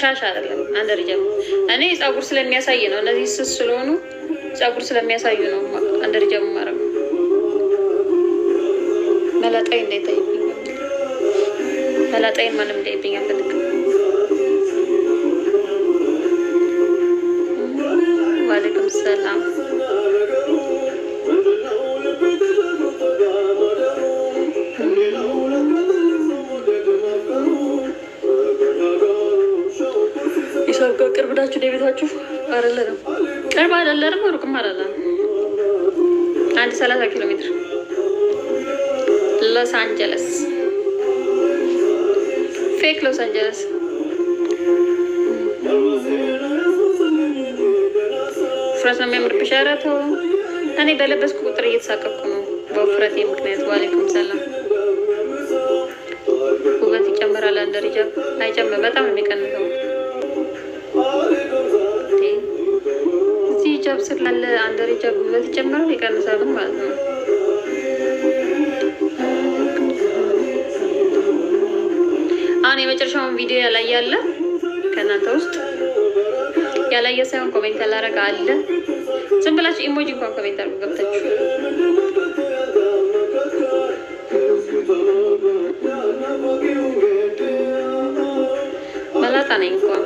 ሻሽ አይደለም አንድ ደረጃ እኔ ፀጉር ስለሚያሳይ ነው። እነዚህ ስስ ስለሆኑ ፀጉር ስለሚያሳዩ ነው። አንድ ደረጃ ማረግ መላጣይ እንዳይታይብኝ መላጣይን ማንም እንዳይብኝ አልፈልግም። ዋሌኩም ሰላም ያላችሁ አይደለም፣ ቅርብ አይደለም፣ ሩቅም አይደለም። አንድ ሰላሳ ኪሎ ሜትር ሎስ አንጀለስ፣ ፌክ ሎስ አንጀለስ ፍረት ነው የሚያምርብሽ። ኧረ ተው፣ እኔ በለበስኩ ቁጥር እየተሳቀቅኩ ነው በውፍረቴ ምክንያት። ዋሌኩም ሰላም። ውበት ይጨምራል አንድ ደረጃ አይጨምር፣ በጣም ነው የሚቀንሰው ሂጃብ ስር ላለ አንድ ሂጃብ ውበት ይጨምራል ይቀንሳል ማለት ነው። አሁን የመጨረሻውን ቪዲዮ ያላየ አለ ከእናንተ ውስጥ ያላየ ሳይሆን ኮሜንት ያላረገ አለ። ዝም ብላችሁ ኢሞጂ እንኳን ኮሜንት አድርጉ ገብታችሁ መላጣ ነኝ እንኳን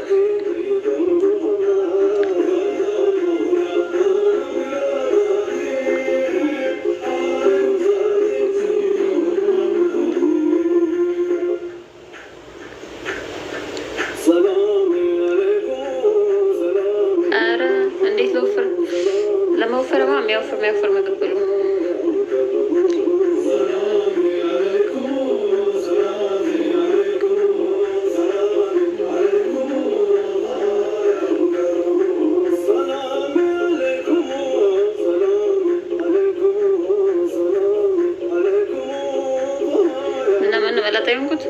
করছো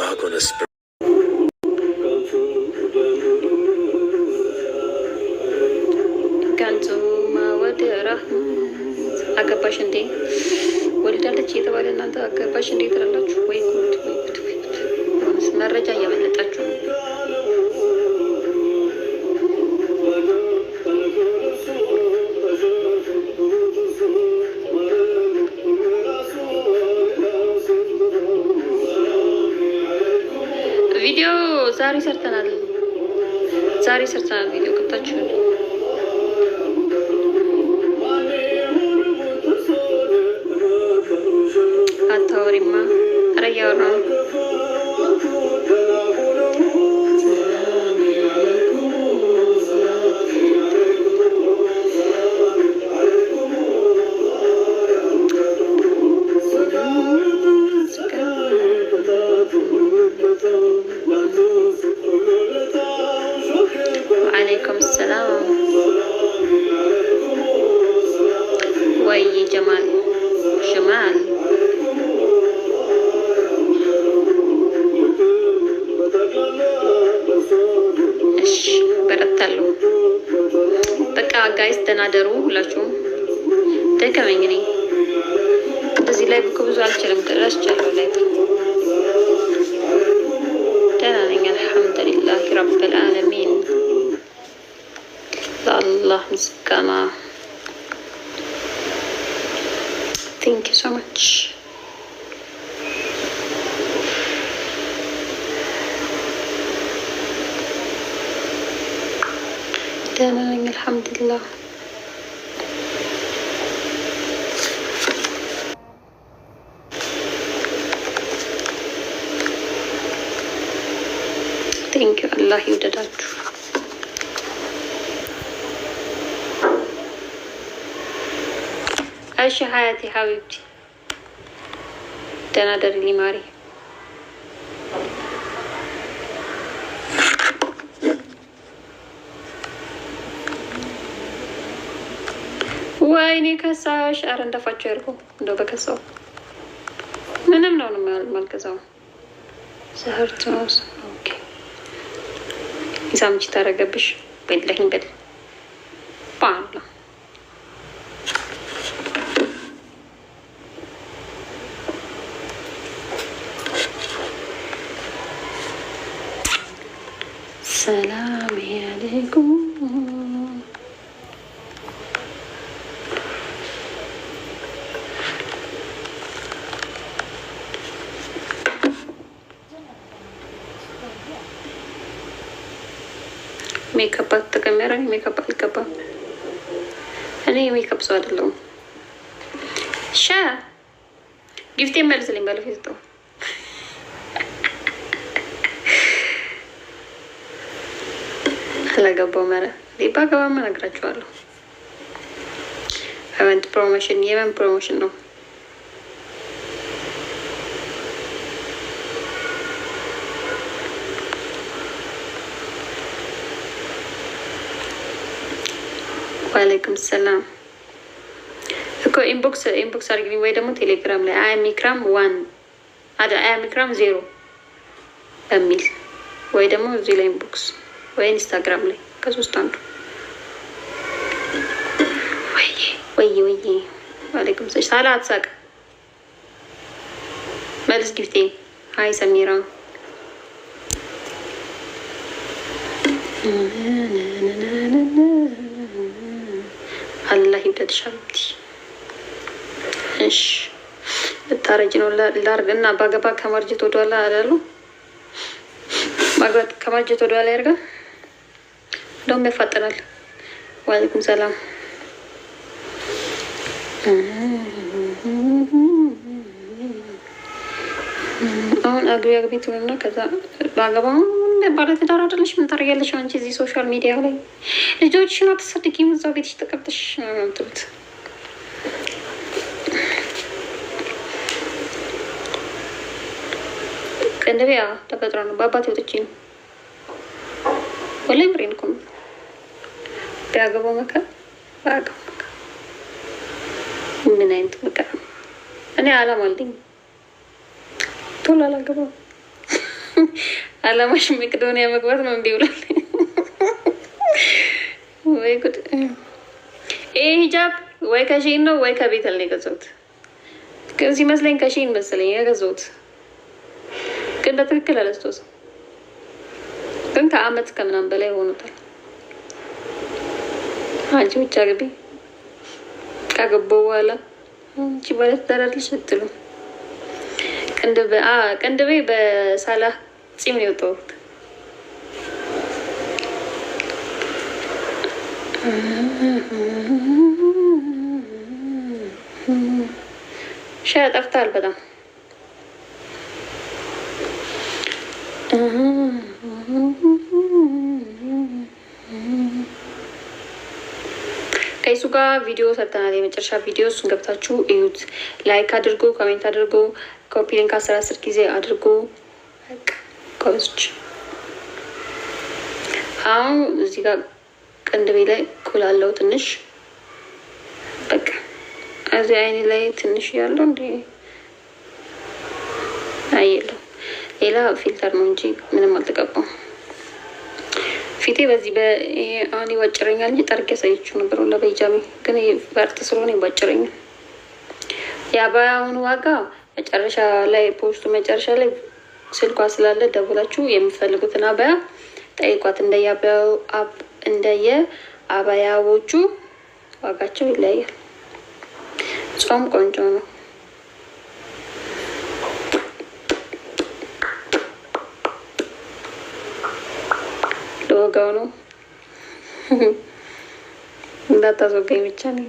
Bahagonas ጋንዞማ ወደራ አገባሽ እንዴ ወልዳለች እየተባለ እናንተ አገባሽ እንዴ ትላላችሁ ወይ? መረጃ እያመለጣችሁ ቪዲዮ ዛሬ ሰርተናል። ዛሬ ሰርተናል ቪዲዮ ገብታችሁ አታወሪማ። ኧረ እያወራሁ ነው ላይቭ እኮ ብዙ አልችልም፣ ረስቻለሁ። ላይቭ ደህና ነኝ አልሐምዱሊላህ ረብል ዓለሚን። ለአላህ ምስጋና። ቴንክ ዩ ሶ ማች ደህና ነኝ አልሐምዱሊላህ ቴንኪ አላህ ይውደዳችሁ። እሺ ሀያቴ ሀቢብቲ ደህና ደርልኝ ማሪ ወይኔ ከሳሽ አረ እንደፋቸው ያልኩ እንደው በከሳው ምንም ነው ነው ማልከዛው ሰህርት ነው ኢሳምቺ ታረገብሽ በላኝ በል ባላ ሰላም አለይኩም ሜካፕ አትጠቀም ሜካፕ አልገባም። እኔ የሜካፕ ሰው አይደለሁም። ሻ ጊፍቴ መልስልኝ ባለፈ የሰጠው አላገባው መረ ባገባማ እነግራችኋለሁ። ኢቨንት ፕሮሞሽን የምን ፕሮሞሽን ነው? ዋሌኩም ሰላም እኮ ኢንቦክስ ኢንቦክስ አድርግልኝ ወይ ደግሞ ቴሌግራም ላይ አይ ሚክራም ዋን አደ አይ ሚክራም ዜሮ በሚል ወይ ደግሞ እዚህ ላይ ኢንቦክስ ወይ ኢንስታግራም ላይ ከሶስት አንዱ ወይ ወይ ዋሌኩም ሳላ አትሳቅ መልስ ጊፍቴ ሀይ ሰሚራ አላህ ይውደድሻል። እሺ ብታረጅ ነው ላርግ እና ባገባ ከማርጀት ወደኋላ አላሉ ማግባት ከማርጀት ወደኋላ ያርጋ እንደውም ያፋጥናል። ዋሌኩም ሰላም አሁን አግቢ አግቢ ትሆንና ከዛ ባገባ እንደ ባለትዳር አይደለሽ? ምን ታደርጊያለሽ አንቺ እዚህ ሶሻል ሚዲያ ላይ ልጆችሽን አትሰድጊም? እዛው ቤትሽ ተቀብጠሽ ነው የምትሉት። ቅንድቤ ተፈጥሮ ነው። በአባት ወጥቼ ነው ወላሂ ብሬን እኮ ነው ቢያገባው መካ ባያገባው መካ ምን አይነት መካ እኔ አላማልኝ አለኝ ቶሎ አላገባው አላማሽ መቅዶኒያ መግባት ነው እንዲ ብሏል። ወይ ጉድ! ይሄ ሂጃብ ወይ ከሼን ነው ወይ ከቤተል ነው የገዛሁት። ከዚህ መስለኝ ከሼን መስለኝ የገዛሁት፣ ግን በትክክል አላስታውስም። ግን ከአመት ከምናም በላይ ሆኖታል። አንቺ ብቻ ግቢ ካገባሁ በኋላ አንቺ ባለትዳር አይደለሽ ስትሉ ቅንድቤ በሳላህ ጺም ነው የወጣሁት። ሻይ ጠፍታል በጣም ከእሱ ጋር ቪዲዮ ሰርተናል። የመጨረሻ ቪዲዮ እሱን ገብታችሁ እዩት። ላይክ አድርጎ፣ ኮሜንት አድርጎ፣ ኮፒ ሊንክ አስር አስር ጊዜ አድርጎ ከውስጭ አሁን እዚህ ጋር ቅንድቤ ላይ ኩላለው ትንሽ በቃ እዚህ አይኔ ላይ ትንሽ ያለው እንደ አየለው ሌላ ፊልተር ነው እንጂ ምንም አልተቀባም። ፊቴ በዚህ አሁን ይዋጭረኛል እንጂ ጠርግ ያሳየችው ነበር ለበይጃሚ ግን በርጥ ስለሆነ ይዋጭረኛል። የአባያውን ዋጋ መጨረሻ ላይ ፖስቱ መጨረሻ ላይ ስልኳ ስላለ ደውላችሁ የሚፈልጉትን አባያ ጠይቋት። እንደየ አባያዎቹ ዋጋቸው ይለያል። ጾም ቆንጆ ነው። ለወጋው ነው እንዳታስወገኝ ብቻ ነው።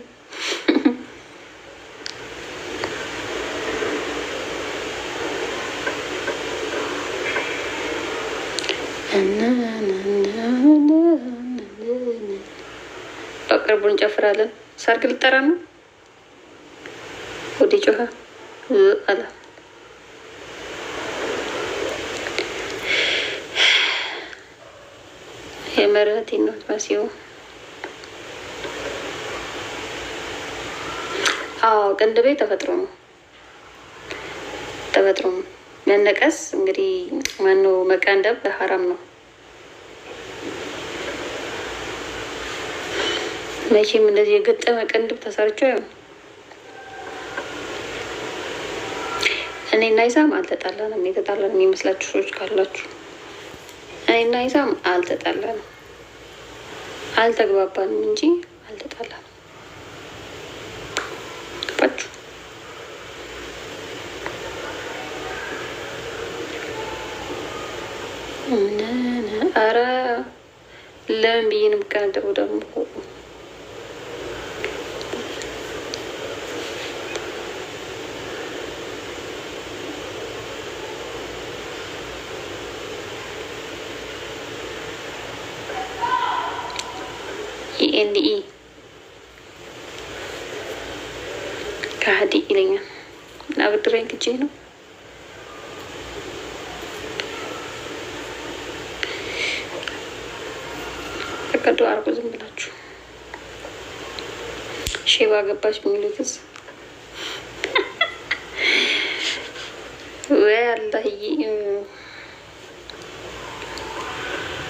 ቀርቡን እንጨፍራለን። ሰርግ ልጠራ ነው ወዲ ጮኸ አለ። የምህረት እናት መሲሁ አዎ ቅንድቤ ተፈጥሮ ነው ተፈጥሮ ነው። መነቀስ እንግዲህ ማነው መቀንደብ ሀራም ነው። መቼም እንደዚህ የገጠመ ቅንድብ ተሰርቾ ይሆን? እኔና ይሳም አልተጣላንም። የተጣላን የሚመስላችሁ ሰዎች ካላችሁ እኔና ይሳም አልተጣላንም፣ አልተግባባንም እንጂ አልተጣላንም። ገባችሁ? ኧረ ለምን ብዬ ነው የምቀነደበው ደግሞ ኤልኢ ከሀዲ ይለኛል። አብድረኝ ግጄ ነው ተቀዶ አርጎ ዝም ብላችሁ ሼባ ገባች የሚሉትስ ወይ አላህዬ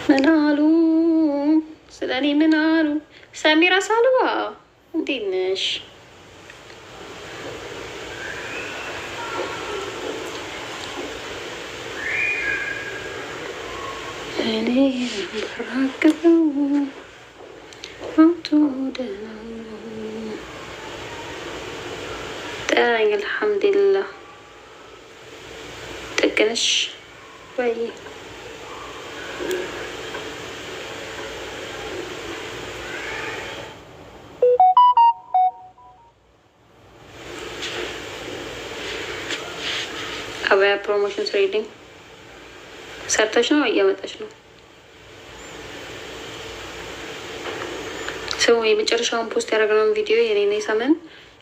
ምን አሉ? ስለኔ ምን አሉ? سميرة صالوة እንዴት ነሽ? እኔ ራግበው አቶ ጤናኝ አልሐምዱሊላህ ጥቅንሽ ወይ ከበያ ፕሮሞሽን ትሬዲንግ ሰርተች ነው እያመጣች ነው። ስሙ የመጨረሻውን ፖስት ያደረግነውን ቪዲዮ የኔ ሰመን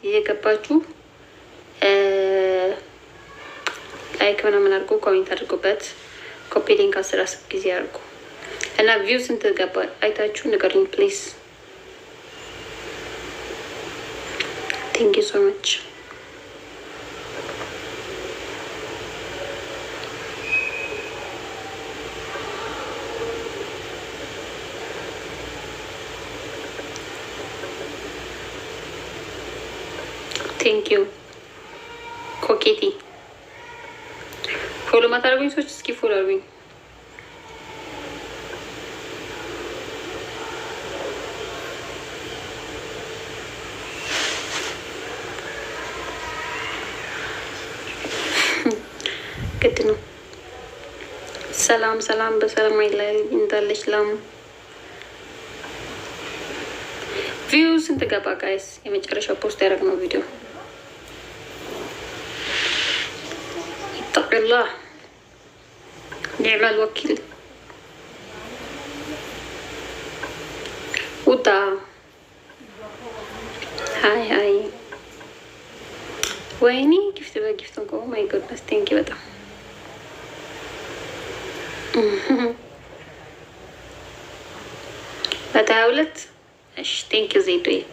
እየገባችሁ ላይክ ምናምን አድርጎ ኮሜንት አድርጉበት ኮፒ ሊንክ አስር አስር ጊዜ አድርጎ እና ቪው ስንት ገባ አይታችሁ ንገሩኝ ፕሊስ። ቴንክ ዩ ሶ ማች ቴንኪው ኮኬቲ ፎሎ ማታደርጉኝ ሰዎች እስኪ ፎሎ አድርጉኝ። ግድ ነው። ሰላም ሰላም፣ በሰላም ላይ እንዳለች ላሙ ቪው ስንት ገባ ጋይስ? የመጨረሻው ፖስት ያደረግነው ቪዲዮ الله نعم الوكيل وطا هاي هاي ويني كيف تبقى كيف تنقو ماي جود بس تنكي بطا بتاولت اش تنكي زيتوي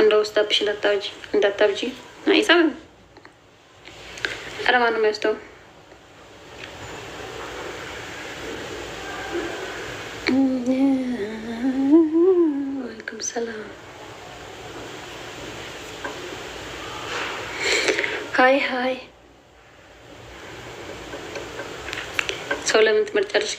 እንደ ውስጥ አብሽ እንዳታብጂ እንዳታብጂ አይሳብ አረማ ነው የሚወስደው። ወልኩም ሰላም ሀይ ሀይ ትምህርት ጨርሽ